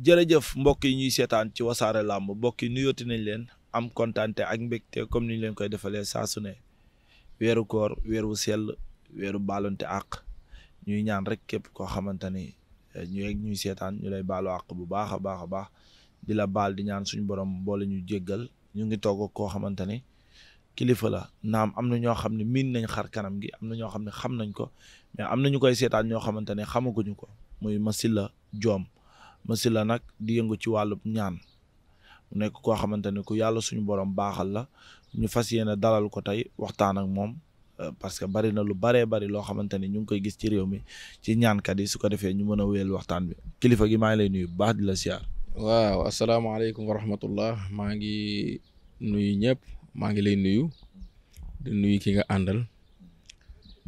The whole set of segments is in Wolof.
jërëjëf mbokk yi ñuy seetaan ci wasaare làmb mbokk yi nuyooti nañ leen am kontaante ak mbégte comme ni ñu leen koy defalee saa su weeru koor weeru sell weeru baalonte àq ñuy ñaan rek képp koo xamante ni eh, ñu egg ñuy seetaan ñu lay baalu àq bu baax a baax a baax di la baal di ñaan suñu borom boole ñu jéggal ñu ngi toog koo xamante ni kilifa la naam am na ñoo xam ne miin nañ xar kanam gi am na ñoo xam ne xam nañ ko mais am na ñu koy seetaan ñoo xamante ne xamaguñu ko muy la Joom Massyla nag di yëngu ci wàllu ñaan nekk koo xamante ni ku yàlla suñu borom baaxal la ñu fas yéene dalal ko tey waxtaan ak moom euh, parce que bari na lu baree bari loo xamante ni ñu ngi koy gis ci réew mi ci ñaankat yi su ko defee ñu mën a wéyal waxtaan bi kilifa gi maa ngi lay nuyu bu baax di la siyaar. waaw asalaamaaleykum wa rahmatullah maa ngi nuyu ñëpp maa ngi lay nuyu di nuyu ki nga àndal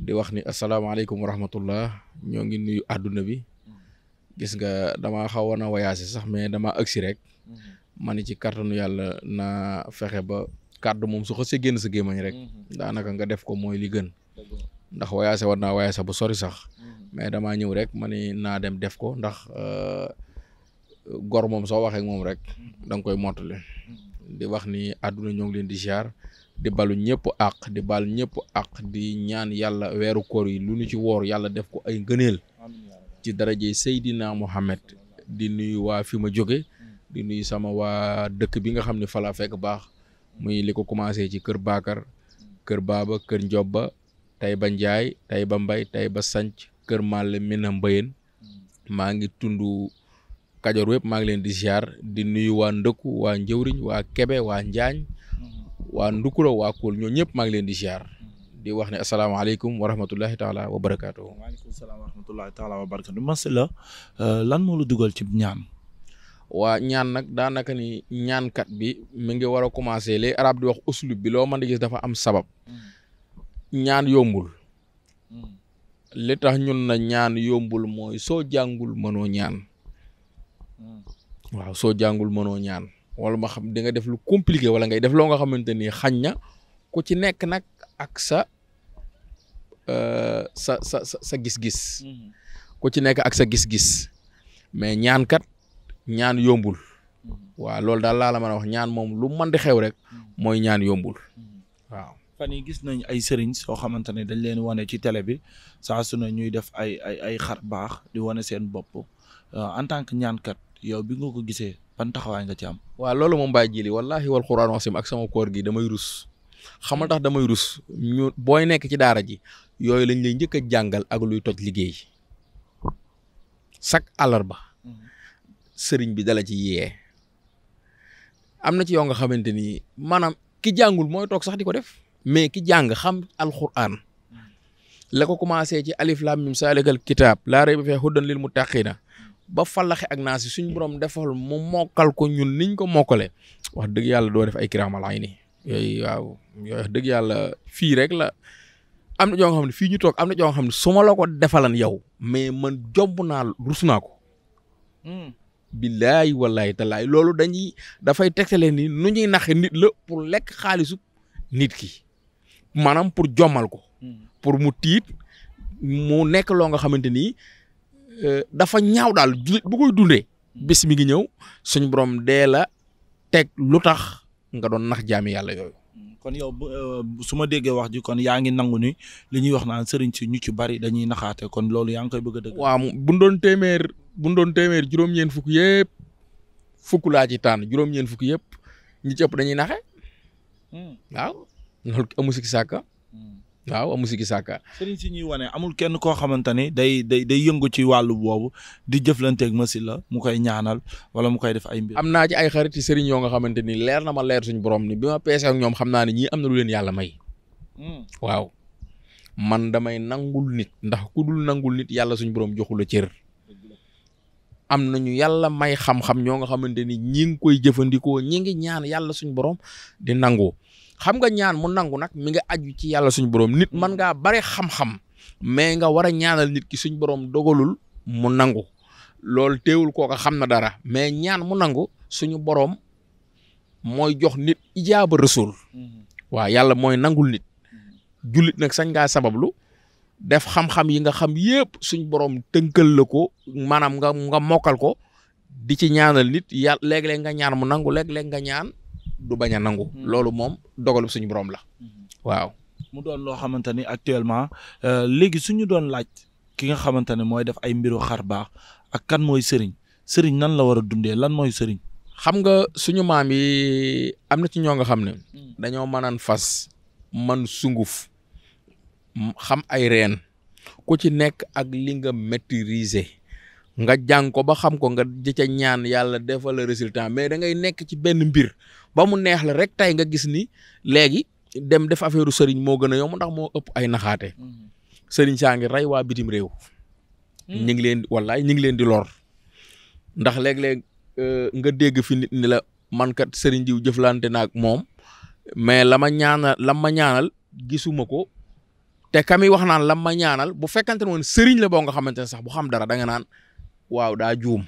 di wax ni asalaamaaleykum wa rahmatullah ñoo ngi nuyu àdduna bi. gis nga damaa xawoon a voyagé sax mais damaa agsi rek mm-hmm. ma ni ci kàttanu yàlla naa fexe ba kàddu moom su xasee génn sa gémmañ rek mm-hmm. daanaka nga def ko mooy li gën ndax voyagé war naa voyagé bu sori sax mm-hmm. mais damaa ñëw rek ma ni naa dem def ko ndax euh, gor moom soo waxee moom rek da nga koy mottali di wax ni àdduna ñoo ngi leen di ziar di balu ñëpp àq di bal ñëpp àq di ñaan yàlla weeru koor yi lu ñu ci woor yàlla def ko ay ngëneel ci daraje Seydina Mohamed di nuyu waa fi ma jóge di nuyu sama waa dëkk bi nga xam ne falaa fekk baax muy li ko commencé ci kër baakar kër Baaba kër Njobba Tayba Njaay ba Mbay ba Sanc kër Malle Mina Mbayen maa ngi tund Kajoor wépp maa ngi leen di ziar di nuyu waa Ndëkku waa Njëwriñ waa Kebe waa Njaañ waa Ndukuro waa Kool ñoo ñëpp maa ngi leen di ziar di wax ne asalaamaaleykum wa rahmatullahi taala wa barakaatu. waaleykum salaam wa rahmatullahi taala wa la euh, lan moo la dugal ci ñaan. waa ñaan nag daanaka ni ñaankat bi mu ngi war a commencé les arab di wax uslub bi loo man di gis dafa am sabab. Hmm. ñaan yombul. Hmm. li tax ñun na ñaan yombul mooy soo jàngul mënoo ñaan. Hmm. waaw soo jàngul mënoo ñaan. wala ma xam di def lu compliqué wala ngay def loo nga xamante ni xañ na ku ci nekk nag ak euh, sa sa sa sa gis-gis mhm. ku ci nekk ak sa gis-gis mais ñaankat kat ñaan yombul mhm. waaw loolu daal laa la mën a wax ñaan moom lu mën di xew rek mhm. mooy ñaan yombul waaw fan yi gis nañ ay sëriñ soo xamante ne dañ leen wane ci tele bi saa su ne ñuy def ay ay ay xar baax di wane seen bopp euh, en tant que ñaankat yow bi nga ko gisee ban taxawaay nga ci am waaw loolu moom bàyyi jili wallahi wal quraan wasim ak sama koor gi damay rus xamal tax damay rus ñu booy nekk ci daara ji yooyu lañ lay njëkk a jàngal ak luy toj liggéey chaque àllarba sëriñ bi dala ci yee am na ci yoo nga xamante ni maanaam ki jàngul mooy toog sax di ko def mais ki jàng xam alxuraan la ko commencé ci alif lam mim salikal kitaab laa rayba mu hudan lil muttaqiina ba fallaxe ak naas si suñ borom defal mu mokkal ko ñun niñ ko mokkale wax dëgg yàlla doo def ay kiraamal ayni yooyu waaw yooyu dëgg yàlla fii rek la am na ñoo xam fii ñu toog am na ñoo xam ne suma ma la ko defalan yow mais man jomb naa rus ko. Hmm. billaay wallaay talaay loolu dañuy dafay tegtale ni nu ñuy nax nit la pour lekk xaalisu nit ki maanaam pour jommal ko. Hmm. pour mu tiit mu nekk loo nga xamante ni euh, dafa ñaaw daal bu koy dundee. Hmm. bis mi ngi ñëw suñu borom dee la teg lu tax. nga doon nax jaami yàlla yooyu. kon yow eh, su ma déggee wax ji kon yaa ngi nangu ni li ñuy wax naan sëriñ si ñu ci bari dañuy naxaate kon loolu yaa ngi koy bëgg a dëgg. waaw bu ñu doon téeméer bu ñu doon téeméer juróom-ñeent fukk yëpp fukk laa ci tànn juróom-ñeent fukk yëpp ñi ci ëpp dañuy naxe hmm. waaw loolu amu si sàkka waaw amu si ki sàkka sëriñ si ñuy wane amul kenn koo xamante ni day day day yëngu ci wàllu boobu di jëflanteeg masil la mu koy ñaanal wala mu koy def ay mbir. am naa ci ay xarit ci sëriñ yoo xamante ni leer na ma leer ni bi ma ak ñoom xam naa ne ñii leen yàlla may. Hmm. damay nangul nit ndax ku dul nangul nit yàlla suñu borom joxu la cër. am nañu yàlla may xam-xam ñoo nga xamante ni ñi ngi koy jëfandikoo ñi ngi ñaan yàlla suñu borom di nangu. xam nga ñaan mu nangu nag mi nga aju ci yàlla suñu borom nit man ngaa bare xam-xam mais nga war a ñaanal nit ki suñu borom dogalul mu nangu loolu teewul kooka xam na dara mais ñaan mu nangu suñu borom mooy jox nit ijaaba rasul mm-hmm. waaw yàlla mooy nangul nit jullit nag sañ ngaa sabablu def xam-xam yi nga xam yépp suñ borom tënkal la ko maanaam nga nga mokkal ko di ci ñaanal nit yàlla léeg nga ñaan mu nangu léeg-léeg nga ñaan du bañ a nangu. Hmm. loolu moom dogalu suñu borom la. Hmm. waaw. mu doon loo xamante ni actuellement euh, léegi suñu doon laaj ki nga xamante ne mooy def ay mbiru xar baax ak kan mooy sëriñ sëriñ nan la war a dundee lan mooy sëriñ. xam nga suñu maam yi am na ci ñoo nga xam ne. Hmm. dañoo mënaan fas man sunguf xam ay reen ku ci nekk ak li nga maîtriser. nga jàng ko ba xam ko nga di ca ñaan yàlla defal la résultat mais da ngay nekk ci benn mbir ba mu neex la rek tey nga gis ni léegi dem def affaire sëriñ moo gën a yomb ndax moo ëpp ay naxaate. Mhm. sëriñ saa ngi rey waa bitim réew. Hmm. ñu ngi leen wallaay ñu ngi leen di lor. ndax léeg-léeg euh, nga dégg fi nit ni la man kat sëriñ diw jëflante na ak moom mais la ma ñaanal la ma gisuma ko. te kami wax naan la ma ñaanal bu fekkante ne woon sëriñ la boo nga xamante ne sax bu xam dara da nga naan. waaw daa juum.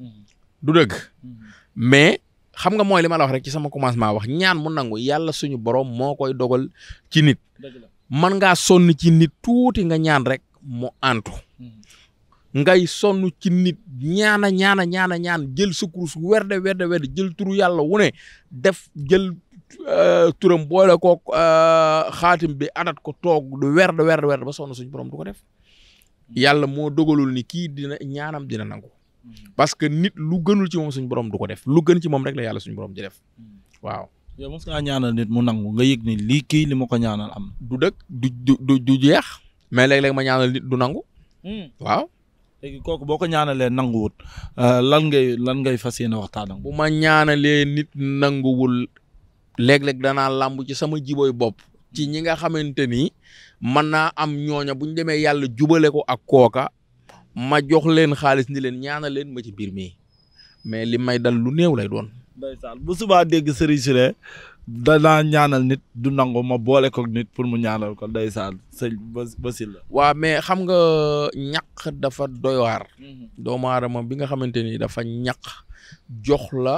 Hmm. du dëgg. Hmm. mais xam nga mooy li ma la wax rek ci sama commencement wax ñaan mu nangu yàlla suñu borom moo koy dogal ci nit. man ngaa sonn ci nit tuuti nga ñaan rek mu antu. Hmm. ngay sonn ci nit ñaana ñaana ñaana ñaan jël sa kurus werde werde werde jël turu yàlla wu ne def jël euh, turam boole kook euh, xaatim bi adat ko toog du werde werde werde ba sonn suñu borom du ko def. Mm-hmm. yàlla moo dogalul ni kii dina ñaanam dina nangu. Mm-hmm. parce que nit lu gënul ci moom suñu borom du ko def lu gën ci moom rek la yàlla suñu borom di def mm-hmm. waaw. yow mos ngaa ñaanal nit mu nangu nga yëg ni lii kii li ma ko ñaanal am. du dëkk du du du jeex. mais léeg-léeg ma ñaanal nit du nangu. Mm. waaw. léegi kooku boo ko ñaanalee nanguwut euh, lan ngay lan ngay fas yéene waxtaan bu ma ñaanalee nit nanguwul léeg-léeg danaa làmb ci sama jibooy bopp. Mm. ci ñi nga xamante ni mën naa am ñooña bu ñu demee yàlla jubale ko ak kooka ma jox leen xaalis ni leen ñaana leen ma ci biir mii mais li may dal lu néew lay doon. bu subaa dégg sëriñ si ne danaa ñaanal nit du nangu ma boole ko nit pour mu ñaanal ko ndeysaan sëñ Basile la. waaw mais xam nga ñaq dafa doy waar. Mhm. doomu aadama bi nga xamante ni dafa ñaq jox la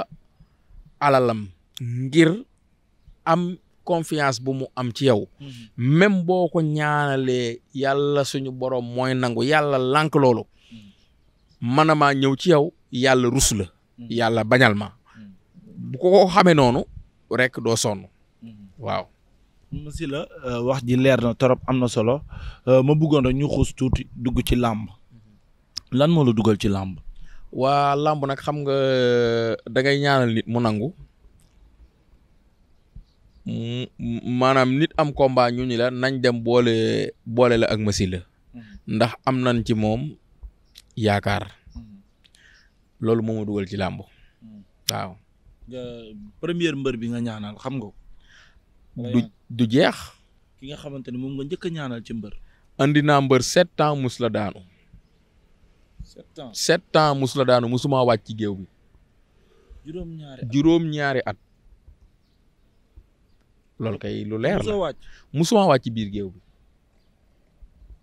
alalam ngir am. confiance bu mu am ci yow. Mm-hmm. même boo ko ñaanalee yàlla suñu boroom mooy nangu yàlla lànk loolu. Mm-hmm. man ñëw ci yow yàlla rus la. Mm-hmm. yàlla bañal ma. bu ko xamee noonu rek doo sonn. waaw. monsieur la euh, wax ji leer na trop am na solo euh, ma buggoon rek ñu xuus tuuti dugg ci làmb. lan moo la dugal ci làmb. waa làmb nag xam nga euh, da ñaanal nit mu nangu. maanaam nit am combat ñu ni la nañ dem boole boole la ak machine la mm-hmm. ndax am nañ ci moom yaakaar mm-hmm. loolu moo ma dugal ci làmb mm-hmm. waaw. première mbër bi nga ñaanal xam nga. du du jeex. ki nga xamante ne moom nga njëkk a ñaanal ci mbër. indi naa mbër sept ans mus la daanu. sept ans sept mus la daanu musuma wàcc ci géew bi. juróom juróom-ñaari at. loolu kay lu leer la musuma wàcc ci biir géew bi.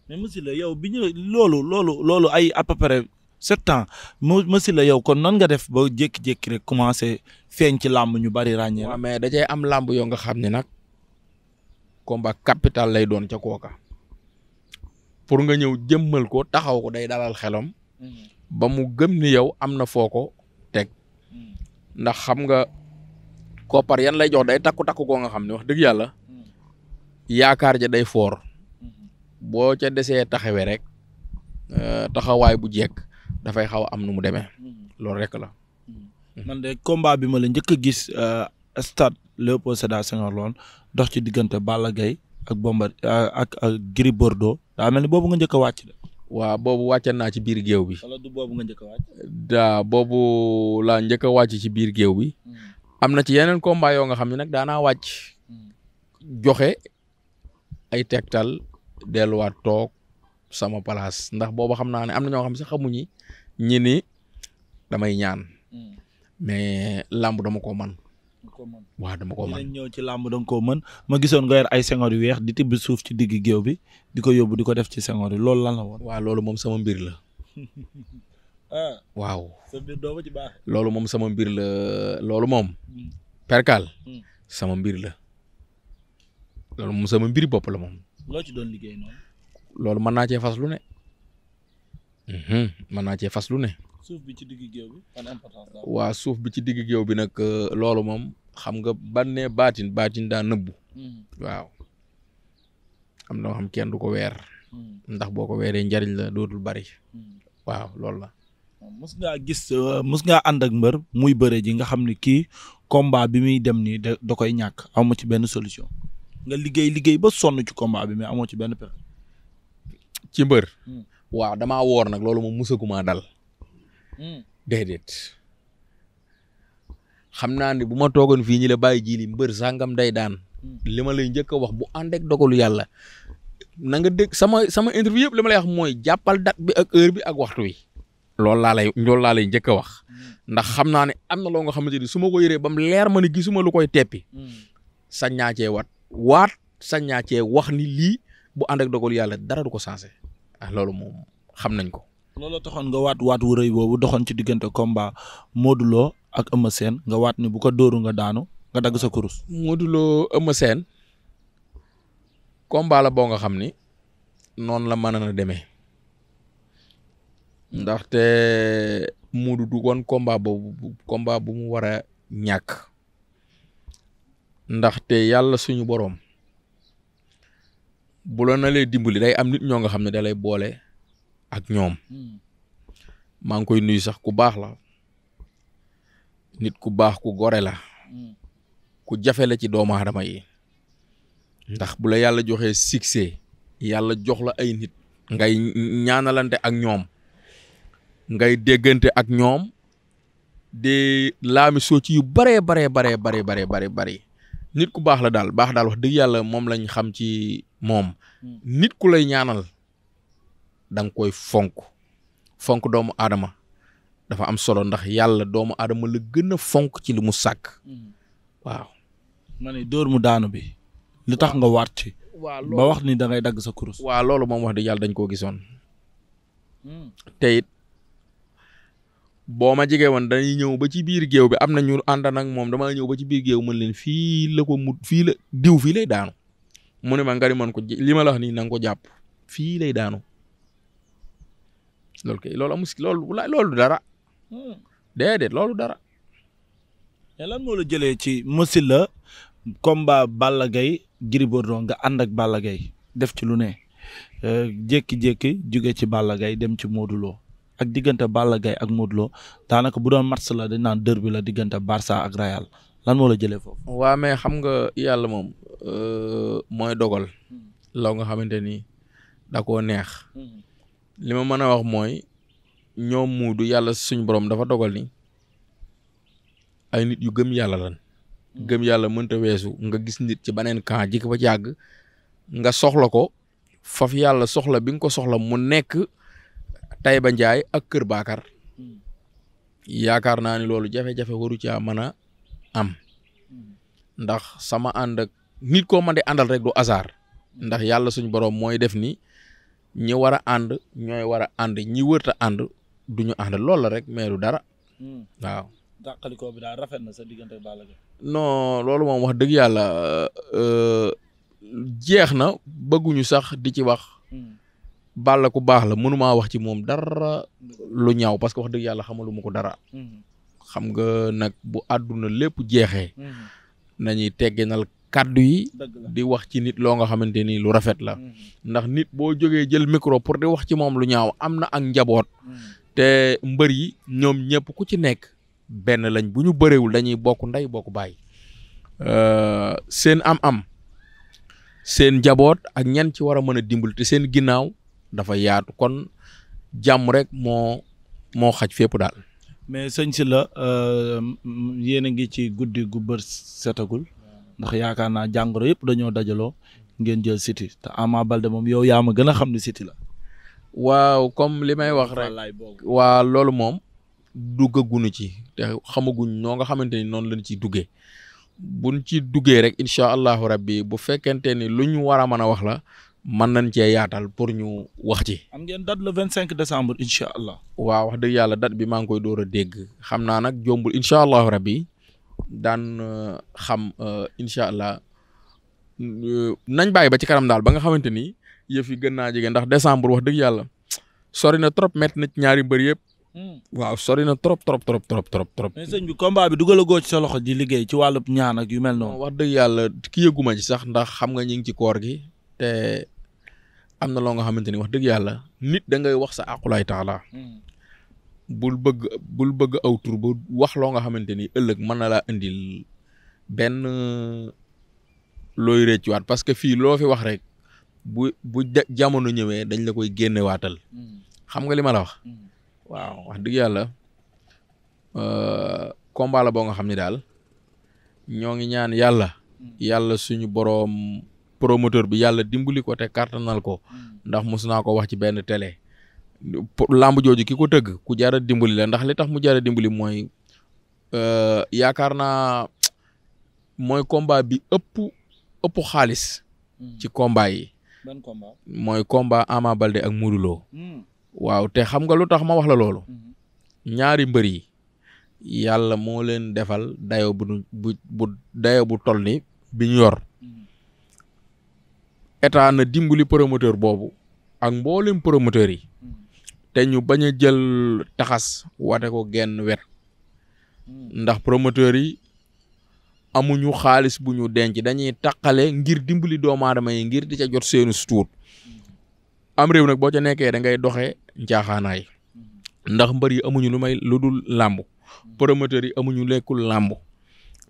mais monsieur la yow bi ñu loolu loolu loolu ay à peu près sept ans mu la yow kon nan nga def ba jékki-jékki rek commencé feeñ ci làmb ñu bari ràññee. waaw mais dajay am làmb yoo nga xam ne nag combat capital lay doon ca kooka. pour nga ñëw jëmmal ko taxaw ko day dalal xelam. Mm-hmm. ba mu gëm ni yow am na foo ko teg. Mm-hmm. ndax xam nga koppar yan lay jox day takku takku koo nga xam ne wax dëgg yàlla yaakaar ja day foor boo ca desee taxawee rek euh, taxawaay bu jekk dafay xaw am nu mu demee loolu rek la. man de combat bi ma la njëkk a gis euh, stade Léopold Sédar Senghor lool dox ci diggante bala Gaye ak Bomba euh, ak ak Gris Bordeaux daa mel ni boobu nga njëkk wàcc. waaw boobu wàcce naa ci biir géew bi. wala du boobu nga njëkk a wàcc. daa boobu laa njëkk wàcc ci biir géew bi. Hmm. am na ci yeneen combat yoo nga xam ne nag daanaa wàcc joxe ay tegtal delluwaat toog sama place ndax booba xam naa ne am na ñoo xam ne sax xamuñu ñi ni damay ñaan hmm. mais làmb dama ko man waaw dama ko mën ñëw ci làmb danga koo mën ma gisoon nga yor ay sengoor yu weex di tibb suuf ci digg géew bi di ko yóbbu di ko def ci sengoor yi loolu lan la woon waa loolu moom sama mbir la Ah. waaw sa mbir loolu moom sama mbir la loolu moom. Hmm. perkal hmm. sama mbir la. loolu moom sama mbir bopp la moom. loo ci doon liggéey loolu mën naa cee fas lu ne. Hmm, mën naa cee fas lu ne. suuf bi ci digg waa suuf bi ci digg géew bi nag euh, loolu moom xam nga banne baatin baatin daa nëbbu. waaw am na xam kenn du ko weer. ndax boo ko weeree njariñ la dootul bari. waaw loolu la. mus ngaa gis euh, mus ngaa ànd ak mbër muy bëre ji nga xam ni kii combat bi muy dem nii da koy ñàkk amu ci benn solution nga liggéey liggéey ba sonn ci combat bi mais amoo ci benn pexe. ci mbër. Hmm. waaw dama woor nag loolu moom musaguma dal. Hmm. déedéet. xam naa ne bu ma toogoon fii ñu la bàyyi ji li mbër sàngam day daan. Hmm. li ma lay njëkk a wax bu ànd ak dogalu yàlla. na nga dégg sama sama interview yëpp li ma lay wax mooy jàppal date bi ak heure bi ak waxtu wi. loolu laa lay laa lay njëkk a wax mm. ndax xam naa ne am na loo nga xamante ni su ma ko yëree ba mu leer ma ne gisuma lu koy teppi mm. sañ naa cee waat waat sañ cee wax ni lii bu ànd ak dogal yàlla dara du ko sensé ah loolu moom xam nañ ko. looloo taxoon nga waat waat wu rëy boobu doxoon ci diggante komba Modou Lo ak Eumeu Sène nga waat ni bu ko dóoru nga daanu nga dagg sa kurus. Modou Lo Eumeu Sène la boo nga xam ni noonu la mën na demee ndaxte Modou du woon combat boobu bu mu war a ñàkk ndaxte yàlla suñu boroom bu la na lay dimbali day am nit ñoo nga xam ne da lay boole ak ñoom hmm. maa ngi koy nuyu sax ku baax la nit ku baax ku gore la hmm. ku jafe la ci doomu aadama yi ndax bu la yàlla joxee succès yàlla jox la ay nit ngay ñaanalante ak ñoom ngay déggante ak ñoom de laami soo yu baree baree baree baree baree baree baree nit ku baax la daal baax daal wax dëgg yàlla moom lañ xam ci moom hmm. nit ku lay ñaanal da koy fonk fonk doomu aadama dafa am solo ndax yàlla doomu aadama la gën fonk ci li mu sàkk hmm. waaw. ma ne dóor mu daanu bi. lu tax nga waat ci. ba wax ni dangay dagg sa kurus. waaw loolu moom wax dëgg yàlla dañ koo gisoon. Hmm. te boo ma jege woon dañuy ñëw ba ci biir géew bi am na ñu ànd nag moom damaa ñëw ba ci biir géew mën leen fii la ko mu fii la diw fii lay daanu mu ne ma nga man ko li ma la nii na ko jàpp fii lay daanu loolu kay loolu amus loolu loolu dara hmm. déedéet loolu dara. mais lan moola jëlee ci mosil la combat Balla Gaye Gris Bordeaux nga ànd ak Balla gay def ci lu ne euh, jékki-jékki jóge ci Balla gay dem ci Modou ak diggante Balla Gaye ak Modou Lo daanaka bu doon match la dañ naan bi la diggante barsa ak Real lan moo la jëlee foofu. waa mais xam nga yàlla moom euh, mooy dogal. law nga xamante ni da koo neex. li ma mën a wax mooy ñoom muudu yàlla suñ borom dafa dogal ni ay nit yu gëm yàlla lan. gëm yàlla mënta weesu nga gis nit ci beneen camp jikko ba jàgg nga soxla ko faf yàlla soxla bi nga ko soxla mu nekk. Taïba Ndiaye ak Kër Bakar hmm. yaakaar naa ni loolu jafe-jafe waru caa mën a am hmm. ndax sama ànd ak nit koo mën di àndal rek du hasard hmm. ndax yàlla suñu boroom mooy def ni ñi war a ànd ñooy war a ànd ñi wërta ànd du ñu ànd lool la rek mais du dara waaw. dàqalikoo bi daal rafet na sa diggante ak Balla Gaye non loolu moom wax dëgg yàlla euh, jeex na bëgguñu sax di ci wax. la ku baax la mënumaa wax ci moom dara lu ñaaw parce que wax dëgg yàlla xamaluma ko dara. Mhm. xam nga nag bu àdduna lépp jeexee. Mhm. nañuy tegginal kàddu yi. di wax ci nit loo nga xamante ni lu rafet la. Mhm. ndax nit boo jógee jël micro pour di wax ci moom lu ñaaw am na ak njaboot. te mbër yi ñoom ñëpp ku ci nekk benn lañ bu ñu bëreewul dañuy bokk ndey bokk baay. Euh, seen am-am seen njaboot ak ñan ci war a mën a dimbali te seen ginnaaw dafa yaatu kon jàmm rek moo moo xaj fépp daal. mais sëñ si la euh, yéen a ngi ci guddi gu bër setagul ndax yaakaar naa jàngoro yëpp dañoo dajaloo ngeen jël Siteu te Ama Baldé moom yow yaa ma gën a xam ne siti la. waaw comme li may wax rek waa loolu moom duggagunu ci te xamaguñ noo nga xamante ni noonu lañ ci duggee buñ ci duggee rek incha allahu rabbi bu fekkente ni lu ñu war a mën a wax la man nañ cee yaatal pour ñu wax ci. am ngeen date la vingt cinq décembre incha allah. waaw wax dëgg yàlla date bi maa ngi koy door a dégg xam naa nag jombul incha allahu rabbi daan euh, xam euh, incha allah euh, nañ bàyyi ba ci kanam daal ba nga xamante ni yëf yi gën naa jege ndax décembre wax dëgg yàlla sori na trop métti na ñaari mbër yëpp. Hmm. waaw sori na trop trop trop trop trop trop. mais sëñ bi combat bi dugalagoo ci sa loxo di liggéey ci wàllub ñaan ak yu mel noonu. wax dëgg yàlla ki yëguma ci sax ndax xam nga ñu ngi ci koor gi am na loo nga xamante ni wax dëgg yàlla nit da ngay wax sa aqulaay taala hmm. bul bëgg bul bëgg aw tur bu wax loo nga xamante ni ëllëg mën na laa indil benn looy rëccuwaat parce que fii loo fi wax rek bu bu jamono ñëwee dañ la koy génnewaatal hmm. xam nga li ma la wax hmm. waaw wax dëgg yàlla euh, combat la boo nga xam ne daal ñoo ngi ñaan yàlla yàlla suñu boroom promoteur bi yàlla dimbali ko te kàttanal ko hmm. ndax mos naa ko wax ci benn télé. làmb jooju ki ko tëgg ku jara dimbali la ndax li tax mu jara dimbali mooy euh, yaakaar naa mooy combat bi ëpp xaalis. Hmm. ci komba yi. ban combat mooy combat Ama Baldé ak Modou hmm. waaw te xam nga lu tax ma wax la loolu. ñaari mbër yi. yàlla moo leen defal dayo bu bu bu dayo bu toll ni bi ñu yor. état na dimbali promoteur boobu ak mboolem promoteur yi te ñu bañ a jël taxas wate ko genn wet ndax promoteur yi amuñu xaalis bu ñu denc dañuy taqale ngir dimbali doomu aadama yi ngir di ca jot seenu sutuut am réew nag boo ca nekkee da ngay doxee njaaxaanaay ndax mbër yi amuñu lu may lu dul làmb promoteur yi amuñu lekkul làmb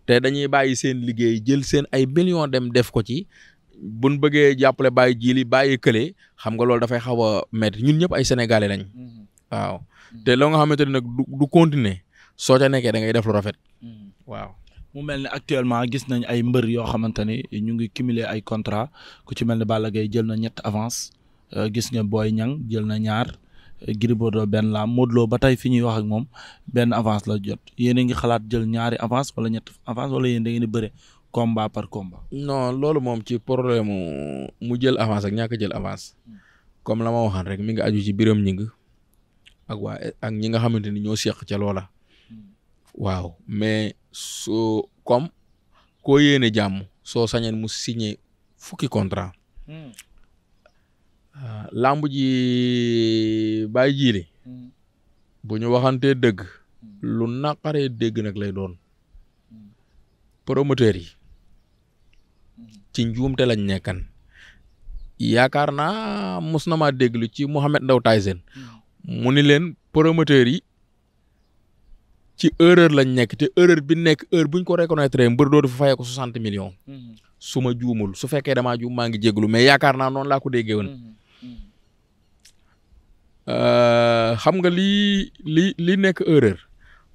te dañuy bàyyi seen liggéey jël seen ay millions dem def ko ci buñ bëggee jàppale bàyyi jiili bàyyi kële xam nga loolu dafay xaw a métti ñun ñëpp ay sénégalais lañ. Mm-hmm. waaw mm-hmm. te loo nga xamante ne nag du du continuer soo ca nekkee da def lu rafet. Mm-hmm. waaw. mu mel ne actuellement gis nañ ay mbër yoo xamante ni ñu ngi cumuler ay contrat ku ci mel ne Balla Gaye jël na ñett avance euh, gis nga Boy Niang jël na ñaar euh, Gris Bordeaux benn laam Modou Lo ba tey fi ñuy wax ak moom benn avance la jot yéen a ngi xalaat jël ñaari avance wala ñett avance wala yéen da ngeen di bëre combat par combat. non loolu moom ci problème mu jël avance ak ñàkk jël avance comme la ma waxaan rek mi nga aju ci biram ñing ak waa ak ñi nga xamante ni ñoo seq ca loola. waaw mais soo comme koo yéene jàmm soo sañeen mu signé fukki contrat. Mm. Uh, làmb ji bàyyi jiili. Mm. bu ñu dëgg. lu naqaree dégg nag lay doon. promoteurs yi ci njuumte lañ nekkan yaakaar naa mos na maa déglu ci Mouhamed Ndao Tyson mu ni leen promoteurs yi ci erreur lañ nekk te erreur bi nekk heure buñ ko reconnaître mbër doo dafa fayee ko soixante million mhm. su ma juumul su fekkee damaa juum maa ngi jéglu mais yaakaar naa noonu laa ko déggee woon mhm. euh, xam nga lii li li nekk erreur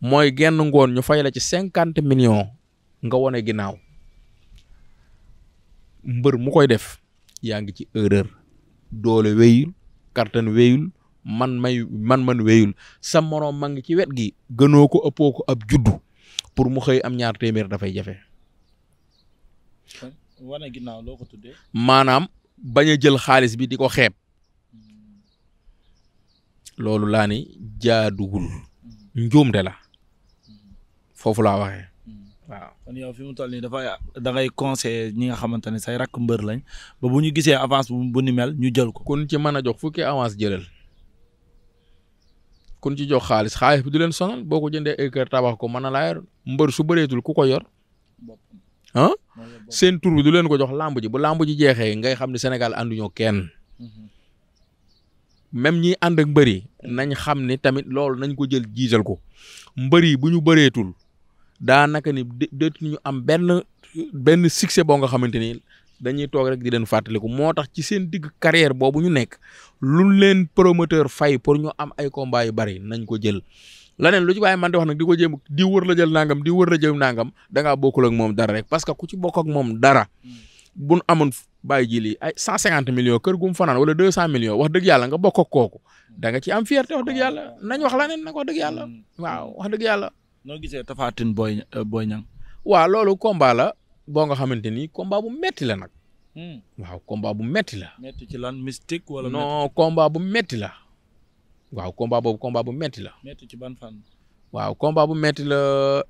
mooy genn ngoon ñu fay la ci cinquante million nga wone ginnaaw mbër mu koy def yaa ngi ci erreur doole wéyul kartan wéyul man may man man wéyul sa moroom ma ngi ci wet gi gënoo ko ëppoo ko ab juddu pour mu xëy am ñaar téeméer dafay jafe. wane ginnaaw loo ko tuddee. maanaam bañ a jël xaalis bi di ko xeeb loolu laa ne jaadugul mm-hmm. njuumte la foofu la waxee. kon yow fi mu toll nii dafa da ngay conseiller ñi nga xamante ne say rakk mbër lañ ba bu ñu gisee avance bu ni mel ñu jël ko. kun ci mën a jox fukki avance jëlal kun ci jox xaalis xaalis bi du leen sonal boo ko jëndee ay tabax ko mën a laa mbër su bëreetul ku ko yor ah seen tour bi du leen ko jox làmb ji bu làmb ji jeexee ngay xam ne Sénégal ànduñoo kenn. Mhm. même ñi ànd ak mbër nañ xam ne tamit loolu nañ ko jël jiital ko mbër yi bu ñu bëreetul daanaka ni dootu ñu am benn benn succès boo nga xamante ni dañuy toog rek di leen fàttaliku moo tax ci seen digg carrière boobu ñu nekk lu leen promoteur fay pour ñu am ay combat yu bari nañ ko jël. neen lu ci waaye man di wax nag di ko jéem di wër la jël nangam di wër la jël nangam danga bokk bokkul ak moom dara rek parce que ku ci bokk ak moom dara. Hmm. bu nu amoon bàyyi ji lii ay cent cinquante millions kër gu mu fanaan wala deux cent millions wax dëgg yàlla nga bokk ak kooku da nga ci am fierté wax dëgg yàlla hmm. nañ wax yàlla. Hmm. noo gisee Tapha Tine booy euh, Boy Niang. waaw loolu combat la boo nga xamante ni combat bu metti la nag. Hmm. waaw combat bu metti la. metti ci lan mystique wala. non combat bu metti la. waaw combat boobu combat bu metti la. metti ci ban waaw combat bu metti la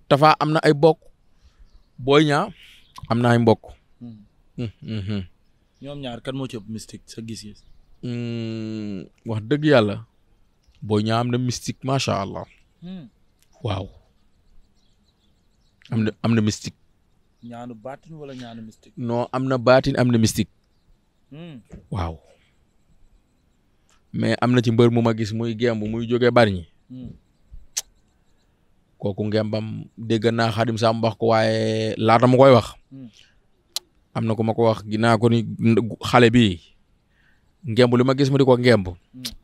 Tapha am na ay bokk booy Niang am na ay mbokk. Hmm. Hmm, ñoom ñaar sa gis wax dëgg yàlla Boy Niang am na mystique macha allah. waaw. am na am na mystique. ñaanu baatin wala ñaanu am na baatin am na mystique. Hmm. waaw. mais am na ci mbër mu ma gis muy gemb muy jóge Bargny. Hmm. kooku ngembam dégg naa Xaadim Samb wax ko waaye laata mu koy wax. Hmm. am na ku ma ko wax ginnaaw ko ni xale bi ngemb lu ma gis mu di ko ngemb.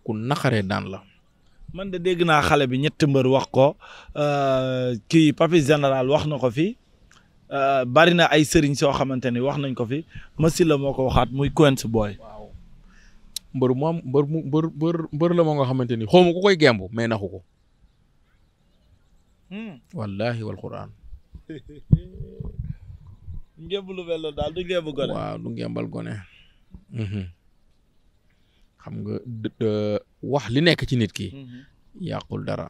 ku naqaree daan la. man de dégg naa xale bi ñetti mbër wax ko euh, kii papi général wax na ko fi euh, bari na ay sëriñ soo xamante ni wax nañ ko fi Massi la moo ko waxaat muy Quench si waaw mbër mu am mbër mbër mbër la moo nga xamante ni xaw ma ku koy gemb mais naxu ko. Hmm. wallaahi wal quraan. ngémb lu mel noonu daal du ngémb gone. xam nga wax li nekk ci nit ki mhm. yàqul dara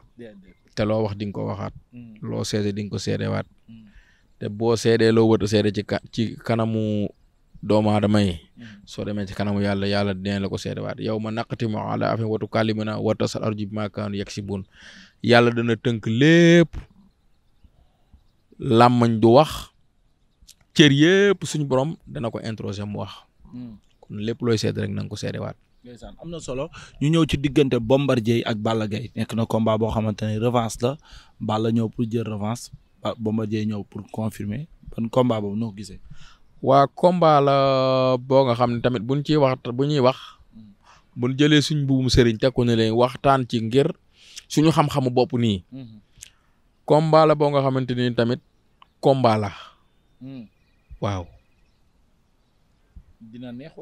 te loo wax di nga ko waxaat mhm. loo sedd di nga ko seedewaat mhm. te boo seedee loo wër seede ci ci kanamu doomu aadama yi soo demee ci kanamu yàlla yàlla dina la ko seedewaat yow ma naqtimu ala afin watu kalimina wa tasal arju bi ma si yaksibun yàlla dana tënk lépp làmmañ du wax cër yëpp suñu borom dana ko introsé mu wax kon lépp looy sedd rek na nga ko seedewaat ndeysaan am na solo ñu ñëw ci diggante Bombardier ak Balla Gaye nekk na komba boo xamante ne revanche la Balla ñëw pour jël revanche Bombardier ñëw pour confirmer ban combat boobu noo gisee. waa combat la boo nga xam ne tamit buñ ciy wax bu ñuy wax buñ jëlee suñ buum sëriñ teg ko leen waxtaan ci ngir suñu xam bopp nii. Mm-hmm. la boo nga xamante ni tamit combat mm. waaw. dina neex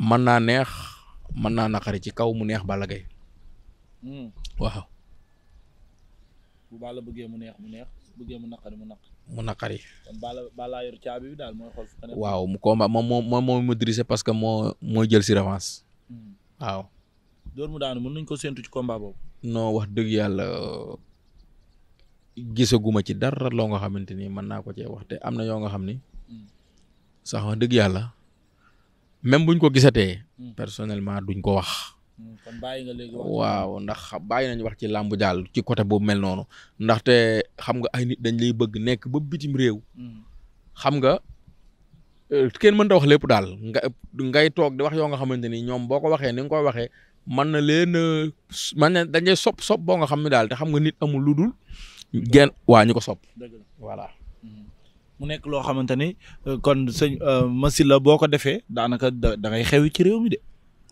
mën naa neex mën naa naqari ci kaw mu neex Balla Gaye hmm. waaw. bu Balla bëggee mu neex mu neex bëggee mu naqari mu naqari. mu naqari. kon Balla daal waaw mu combat moom moom moom moo maîtriser parce que moo mooy jël si revanche. Hmm. waaw. dóor mu daanu mën nañ ko séntu ci komba boobu. noo wax dëgg yàlla gisaguma ci dara loo nga xamante ni mën naa ko cee wax te am na yoo nga xam ni. Hmm. sax wax dëgg yàlla. même buñ ko gisatee. Hmm. personnellement duñ ko wax. Hmm, bàyyi nga léegi waaw ndax bàyyi nañu wax ci làmb daal ci côté boobu mel noonu ndaxte xam nga ay nit dañ lay bëgg nekk ba bitim réew. Hmm. xam nga euh, kenn mën ta wax lépp daal nga ngay toog di wax yoo nga xamante ni ñoom boo ko waxee ni nga koy waxee man na leen man na dañ lay sopp sopp boo nga xam ne daal te xam nga nit amul lu dul. genn waa ñu ko sop voilà. mu nekk loo xamante ni euh, kon sëñ euh, Massila boo ko defee daanaka da xew ci réew mi de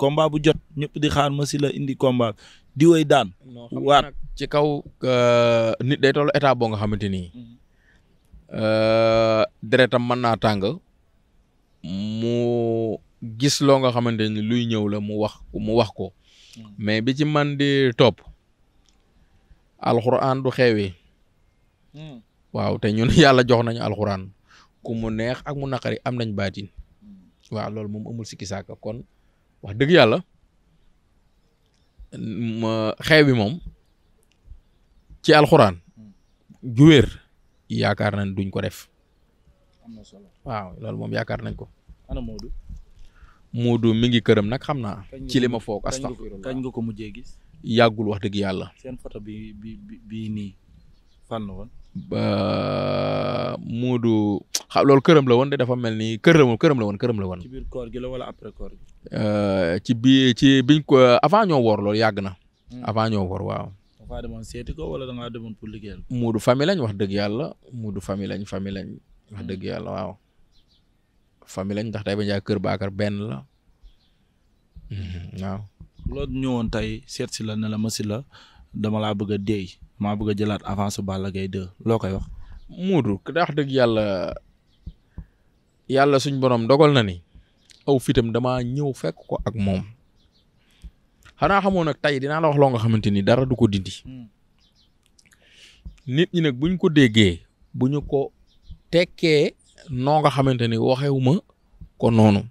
combat bu jot ñëpp di xaar Massila indi combat di way daan. waat ci kaw euh, nit day toll état boo nga xamante ni. Mm-hmm. deretam mën naa tàng mu gis loo nga xamante ni luy ñëw la mu wax mu wax ko. Mm-hmm. mais bi ci man di topp alxuraan du xewi. Mm-hmm. waaw te ñun yàlla jox nañu alxuraan ku mu neex ak mu naqari am nañ baatin waaw lool moom amul sikki saaka kon wax dëgg yàlla xeew bi moom ci alxuraan ju wér yaakaar nañ duñ ko def waaw loolu moom yaakaar nañ ko. ana Moodu. Moodu mi ngi këram nag xam naa. ci li ma foog asta nga ko mujjee gis. yàggul wax dëgg yàlla. seen photo bi bi nii fan Moodu xa lool këram la woon de dafa mel ni kër la woon këram la woon këram la woon. ci biir koor gi la wala après ci bi ci biñ ko avant ñoo woor loolu yàgg na. Hmm. avant ñoo woor waaw. dafaa demoon seeti ko wala da demoon pour liggéeyal. Moodu famille lañ wax dëgg yàlla Moodu famille lañ famille lañ. wax dëgg hmm. yàlla waaw. famille lañ ndax tey ba njaay kër baakar benn la hmm, waaw. loolu ñëwoon tey seet si la ne si la. dama laa bëgg a déy maa bëgg a jëlaat avance Balla Gaye 2 loo koy wax. Moodu ndax dëgg yàlla yàlla suñ borom dogal na ni aw fitam dama ñëw fekk ko ak moom xanaa xamoon nag tey dinaa la wax loo nga xamante ni dara du ko dindi. Hmm. nit ñi nag buñ ko déggee bu ñu ko tekkee noo nga xamante ni waxewuma ko noonu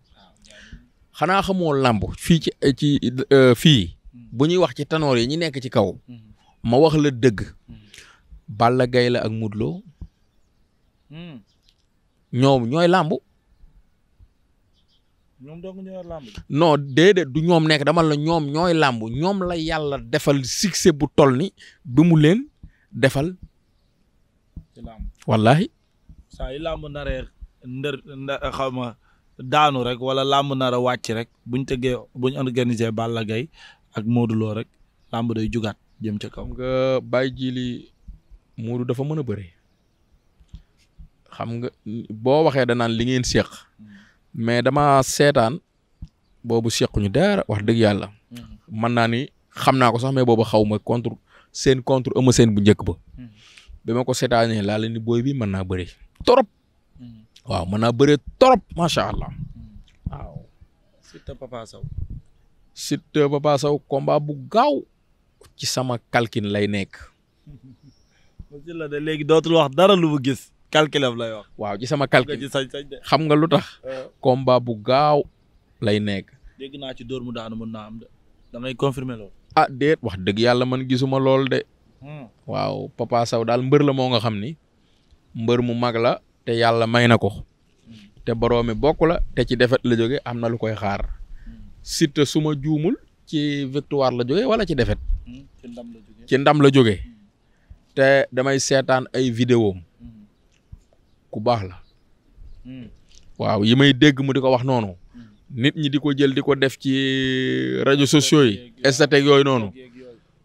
xanaa xamoo làmb fii ci ci euh, fii Mm-hmm. bu ñuy wax ci tanoor yi ñi nekk ci kaw mm-hmm. ma wax la dëgg mm-hmm. Balla Gaye la ak Modou ñoom ñooy làmb ñoom dong ñooy du ñoom nekk dama la ñoom ñooy làmb ñoom la yàlla defal succès bu tol ni bi mu leen defal ci làmb saa yi làmb naree ndër xaw ma daanu rek wala làmb nar wàcc rek buñ tëggee buñ organisé Balla Gaye ak moodu loo rek làmb day jugaat jëm ca kaw. xam nga Baye Jili Modou dafa mën a bëri xam nga boo waxee danaan li ngeen seq mais dama seetaan boobu sequñu dara wax dëgg yàlla. mën naa ni xam naa ko sax mais boobu xaw ma contre seen contre ëmm seen bu njëkk ba. bi ma ko seetaanee laa leen ni booy bi mën naa bëri trop. Mm. waaw mën naa bëree trop macha allah. Mm. waaw. Siteu Papa Sow combat bu gaaw ci sama calcul lay nekk. mosul la léegi dootul wax dara lu mu gis calculam lay wax. waaw ci sama calcul xam nga lu tax. Euh. combat bu gaaw lay nekk. dégg naa ci dóor mu daanu mën naa am damay confirmer loolu. ah déet wax dëgg yàlla man gisuma lool de. Hmm. waaw Papa Sow daal mbër la moo nga xam ni mbër mu mag la te yàlla may na ko. Hmm. te boroome bokk la te ci defet la jóge am na lu koy xaar. sute su ma juumul ci victoire la jógee wala ci defet hmm, ci ndam la jóge hmm. te damay seetaan ay vidéo hmm. ku baax la. waaw yi may dégg mu di ko wax noonu. nit ñi di ko jël di ko def ci rajo sociaux yi. esthétique yooyu noonu.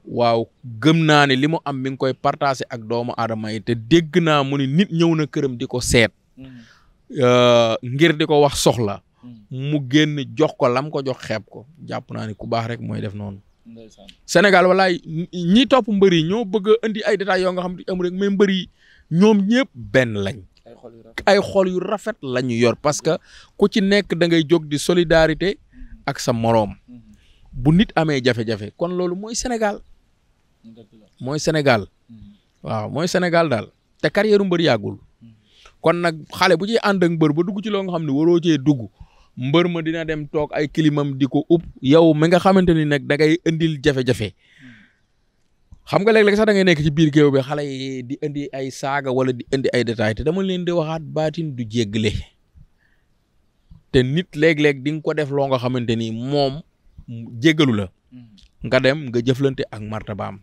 waaw gëm naa ne li mu am mi ngi koy partagé ak doomu aadama yi te dégg naa mu ni nit ñëw na këram di ko seet. Euh, ngir di ko wax soxla. Mm. mu génn jox ko lam ko jox xeeb ko jàpp naa ne ku baax rek mooy def noonu. Sénégal walaay ñi topp mbër yi ñoo bëgg indi ay détails yoo nga xam ne amul rek mais mbër ñoom ñëpp benn lañ. ay xol yu rafet la ñu yor parce que ku ci nekk da ngay jóg di solidarité mm-hmm. ak sa moroom. Mm-hmm. bu nit amee jafe-jafe kon loolu mooy Sénégal. mooy Sénégal. Mm-hmm. waaw mooy senegal daal te carrière mbër yàggul. kon nag xale bu ci ànd ak mbër ba dugg ci loo nga xam ne waroo cee dugg. mbër ma dina dem toog ay kilimam di ko upp yow mi nga xamante ni nag dangay indil jafe-jafe xam nga léeg-léeg sax dangay nekk ci biir géew bi xale yi di indi ay saaga wala di indi ay détails te dama leen di waxaat baatin du jéggale te nit léeg-léeg di nga ko def loo nga xamante ni moom jéggalu la nga dem nga jëflante ak baam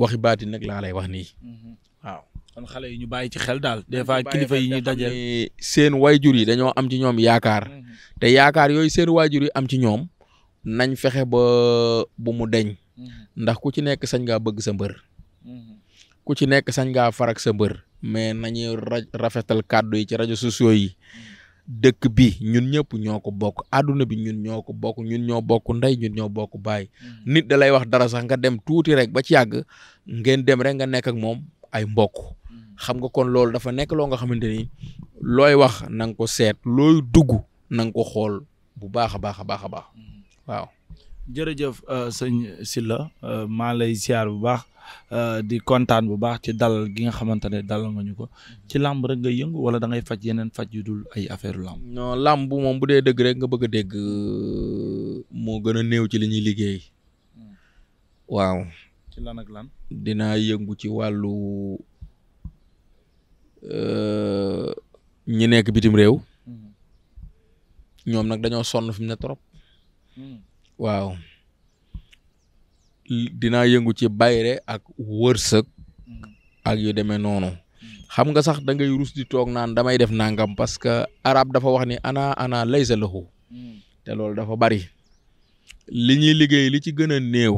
waxi baatin nag laa lay wax nii mm-hmm. waaw. kon xale yi ñu bàyyi ci xel daal des fois kilifa yi ñuy dajeel seen waajur yi dañoo am ci ñoom yaakaar mhm. te yaakaar yooyu seen waajur yi am ci ñoom nañ fexe ba bu mu deñ mhm. ndax ku ci nekk sañ ngaa bëgg sa mbër mhm. ku ci nekk sañ ngaa farak sa mbër mais nañuy rafetal kàddu yi ci rajo sociaux yi dëkk bi ñun ñëpp ñoo ko bokk àdduna bi ñun ñoo ko bokk ñun ñoo bokk ndey ñun ñoo bokk baay nit da lay wax dara sax nga dem tuuti rek ba ci yàgg ngeen dem rek nga nekk ak moom ay mbokk xam nga kon loolu dafa nekk loo nga xamante ni looy wax nanga ko seet looy dugg nanga ko xool bu baax a baax a baax a baax mm-hmm. waaw. jërëjëf euh, sëñ Sylla euh, maa lay bu baax euh, di kontaan bu baax ci dalal gi nga xamante ne dalal nga ñu ko mm-hmm. ci làmb rek nga yëngu wala da ngay faj yeneen faj yu dul ay affaire làmb. ñoo làmb moom bu dee dëgg rek nga bëgg a dégg moo gën a néew ci li ñuy liggéey mm. waaw. ci lan ak lan. yëngu ci wàllu Euh, ñi nekk bitim réew ñoom nag dañoo sonn fi ne trop waaw dinaa yëngu ci bayre ak wërsëg ak yu demee noonu xam nga sax dangay ngay rus di toog naan damay def nangam parce que arab dafa wax ni ana ana laysa lahu te loolu dafa bari li ñuy liggéey li ci gën a néew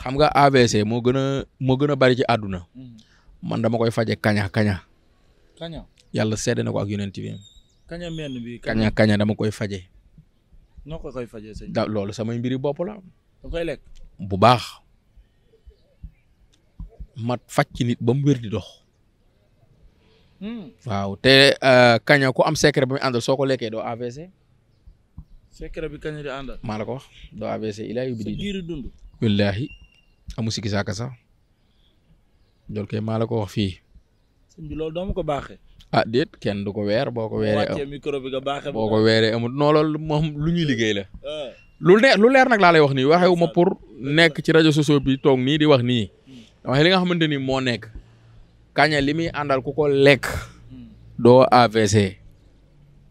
xam nga AVC moo gën a moo gën a bari ci àdduna. man dama koy faje kaña kaña. kaña yàlla seede na ko ak yonent bi. kaña menn bi kaña kaña dama koy faje noo ko sëñ da loolu samay mbiri bopp la. koy lekk bu baax. mat faj ci nit ba mu wér di dox. Hmm. waaw te euh, kaña ku am secret ba muy soo ko lekkee doo AVC. secret bi kaña di àndal. maa la ko doo AVC. ilaa yubbi di diiru dund. wallaahi loolu kay maa la ko wax fii. sëñ bi loolu doo ma ko ah, kenn du ko weer boo ko. weeree wàccee micro bi boo ko weeree amul non moom lu ñuy liggéey la. Ah. lu ne lu leer nag laa lay wax nii waxewu ma pour nekk ci rajo sociaux bi toog nii di wax nii. Hmm. waaye li nga xamante ni moo nekk. kaña li muy àndal ku ko lekk. Hmm. doo AVC.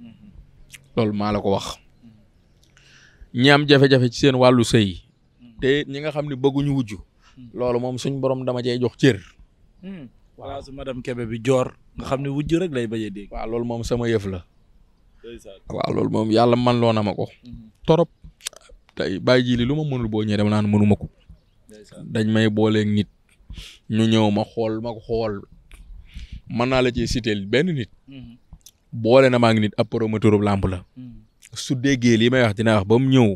Hmm. loolu maa la ko wax. ñam am jafe-jafe ci seen wàllu sëy. te ñi nga xam ne bëgguñu wujj loolu moom suñ borom dama cee jox cër. voilà su dem Kébé bi joor nga xam ne wujj rek lay bañ a dégg. waaw loolu moom sama yëf la. waaw loolu moom yàlla man loo na ma ko. Hmm. torop tey bàyyi ji li lu ma mënul boo ñëwee dama naan mënuma ko. dañ may booleeg nit ñu ñëw ma xool ma ko xool mën naa la ci citeel benn nit. Hmm. boole na maa ngi nit ab promoteur lamb la. Hmm. su déggee lii may wax dina wax ba mu ñëw.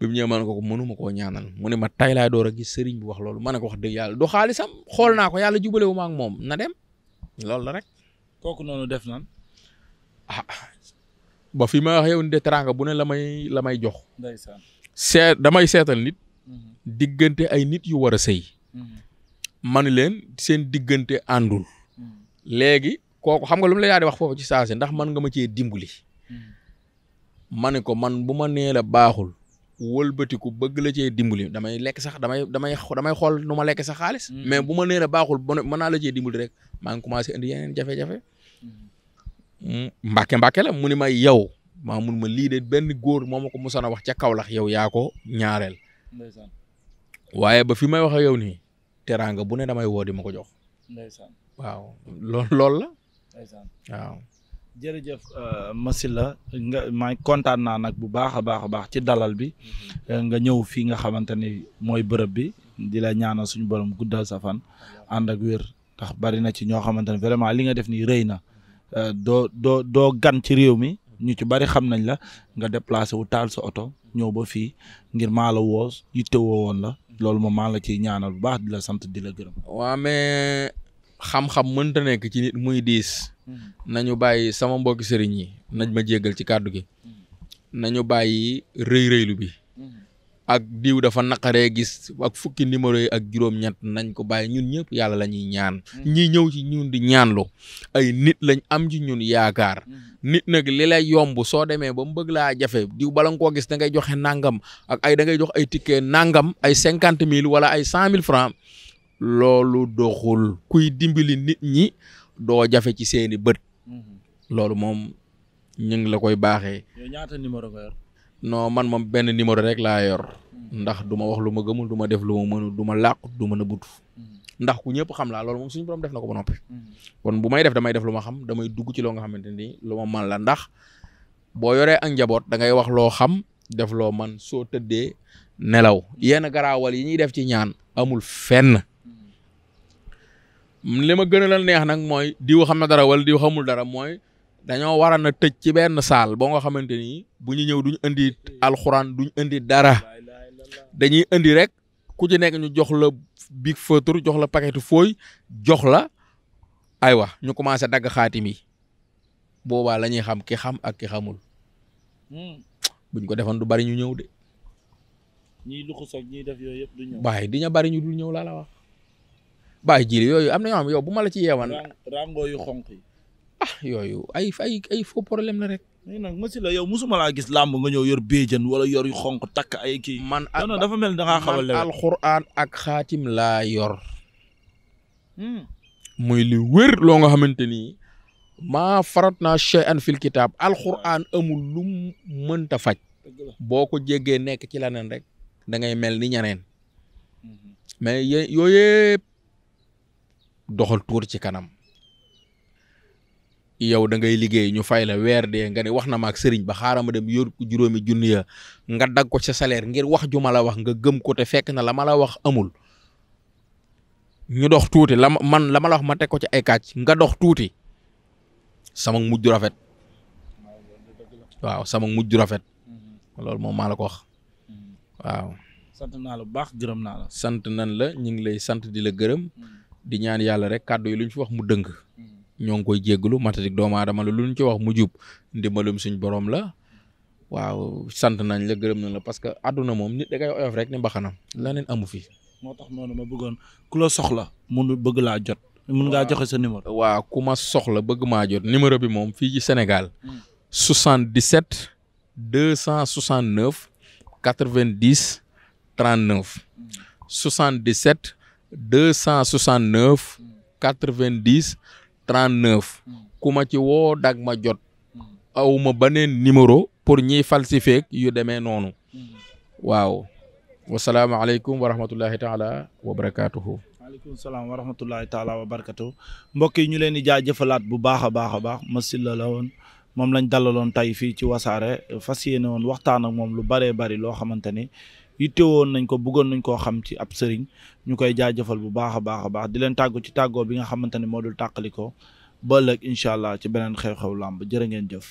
bi mu ñëwee ma ne ko koo ñaanal mu ne ma tay a gis sëriñ bi wax loolu ma ne ko wax dëgg yàlla du xool naa ko yàlla jubalewu ma ak moom na dem loolu la rek. kooku noonu def nan ah ba fi ma wax yow de teranga bu ne la may la may jox. ndeysaan damay seetal nit. Mhm. diggante ay nit yu war a sëy. Mhm. man leen seen diggante àndul. Mhm. léegi kooku xam nga lu mu la yaa di wax foofu ci saa ndax man nga ma cee dimbali. ma ne ko man bu ma nee baaxul. wëlbatiku bëgg la cee dimbali damay lekk sax damay damay damay xool nu ma lekk sax xaalis. Mm. mais bu ma nee a baaxul ba mën naa la cee dimbali rek maa ngi commencé indi yeneen jafe-jafe. Mm. Mm. la mu ni ma yow maa mun ma lii benn góor moo ma ko musoon a wax ca Kaolack yow yaako ñaareel. ndeysaan waaye ba fi may wax ak yow nii teraanga bu ne damay woo di ma ko jox. ndeysaan waaw lool loolu la. ndeysaan waaw. jërëjëf euh, Massyla nga maa kontaan naa nag bu baax a baax a baax ci dalal bi mm-hmm. nga ñëw fii nga xamante ni mooy bërëb bi di la ñaanal suñu borom guddal sa fan ànd ak wér ndax bari na ci ñoo xamante ne vraiment li nga def nii rëy na euh, doo doo doo gan ci réew mi ñu ci bari xam nañ la nga déplacé wu taal sa oto ñëw ba fii ngir maa la woo yittewoo woon la loolu moom maa la ciy ñaanal bu baax di la sant di la gërëm. waaw mais xam-xam mënta nekk ci nit muy diis. Mm. nañu bàyyi sama mbokki sëriñ yi nañ ma jéggal ci kàddu gi mm. nañu bàyyi rëy rëylu bi mm. ak diw dafa naqaree gis ak fukki numéro yi ak juróom-ñett nañ ko bàyyi ñun ñëpp yàlla la ñuy ñaan ñi ñëw ci ñun di ñaanlu ay nit lañ am ci ñun yaakaar nit nag li lay yomb soo demee ba mu bëgg laa jafe diw bala nga koo gis da ngay joxe nangam ak ay da ngay jox ay ticket nangam ay cinquante mille wala ay cent mille francs loolu doxul kuy dimbali nit ñi doo jafe ci seeni bët. Mhm. loolu moom ñu ngi la koy baaxee. yow numéro nga yor. man moom benn numéro rek laa yor. Mhm. ndax du ma wax lu ma gëmul du def lu ma mënul du ma làqu du ma nëbbutu. Mhm. ndax ku ñëpp xam laa loolu moom suñu borom def na ko ba noppi. kon bu may def damay def lu ma xam damay dugg ci loo nga xamante ni lu ma man la ndax boo yoree ak njaboot da ngay wax loo xam def loo man soo tëddee nelaw yenn garaawal yi ñuy def ci ñaan amul fenn. li ma gën a la neex nag mooy diw xam na dara wala diw xamul dara mooy dañoo waral na tëj ci benn saal boo nga xamante ni bu ñu ñëw duñ indi alxuraan duñ indi dara dañuy indi rek ku ci nekk ñu jox la big feutre jox la paquetu fooy jox la aywa ñu commencé dagg xaatim yi boobaa lañuy xam ki xam ak ki xamul hmm. buñ ko defoon du bari ñu ñëw de. ñiy luxus ak ñiy def bari ñu dul ñëw laa la wax. bàyyi jiili yooyu am na ñoo xam yow bu ma la ci yeewan. rango yu xonq ah yooyu ay ay ay faux problème la rek. mais nag yow musuma laa gis làmb nga ñëw yor béjjën wala yor yu xonq takk ay kii. man ak non dafa mel da ngaa xamal man alxuraan ak xaatim laa yor. Hmm. muy li wér loo nga xamante ni maa farat naa shay'an fil kitaab alxuraan amul lu mu faj. boo ko jéggee nekk ci leneen rek da ngay mel ni ñeneen. Hmm. mais yooyu doxal tuuti ci kanam yow dangay liggéey ñu fay la weer dee nga ne wax na ma ak sëriñ ba xaaral ma dem yor juróomi junni nga dag ko sa salaire ngir wax ju ma la wax nga gëm ko te fekk na la ma la wax amul ñu dox tuuti la man la ma la ma teg ko ci ay kàcc nga dox tuuti sama mujj rafet waaw sama mujj rafet loolu moom maa la ko wax waaw. naa la baax gërëm naa la. sant nan la ñu ngi lay sant di la gërëm. Mm. di ñaan yàlla rek kàddu yi lu ñu ci wax mu dëng mm-hmm. ñoo ngi koy jégglu matadik doomu aadama la lu ñu ci wax mu jub ndimbalum suñ boroom la waaw sant nañ la gërëm nañ la parce que àdduna moom nit da ngay oyof rek ni mbaxanam leneen amu fi. moo tax noonu ma bëggoon ku la soxla mun bëgg laa jot. mun ngaa joxe sa numéro. waaw ku ma soxla bëgg maa jot numéro bi moom fii ci Sénégal. 77 269 90 39. 77. deux cent soixante neuf quatre vingt ku ma ci woo dag ma jot awma beneen numéro pour ñiy falsifier yu demee noonu waaw wasalaamaaleykum wa rahmatullahi taala wa barakaatuhu maaleykum salaam wa rahmatullahi taala wa barakatu mbokk yi ñu leen di jëfalaat bu baax a baax a baax Massylla la woon moom lañ dalaloon tey fii ci wasaare fas yéene woon waxtaan ak moom lu bëree bari loo xamante ni yittewoon nañ ko bëggoon nañ koo xam ci ab sëriñ ñu koy jaajëfal bu baax a baax a baax di leen tàggu ci tàggoo bi nga xamante ne moo dul tàqalikoo ba ëllëg incha allah ci beneen xew-xew làmb jërë ngeen jëf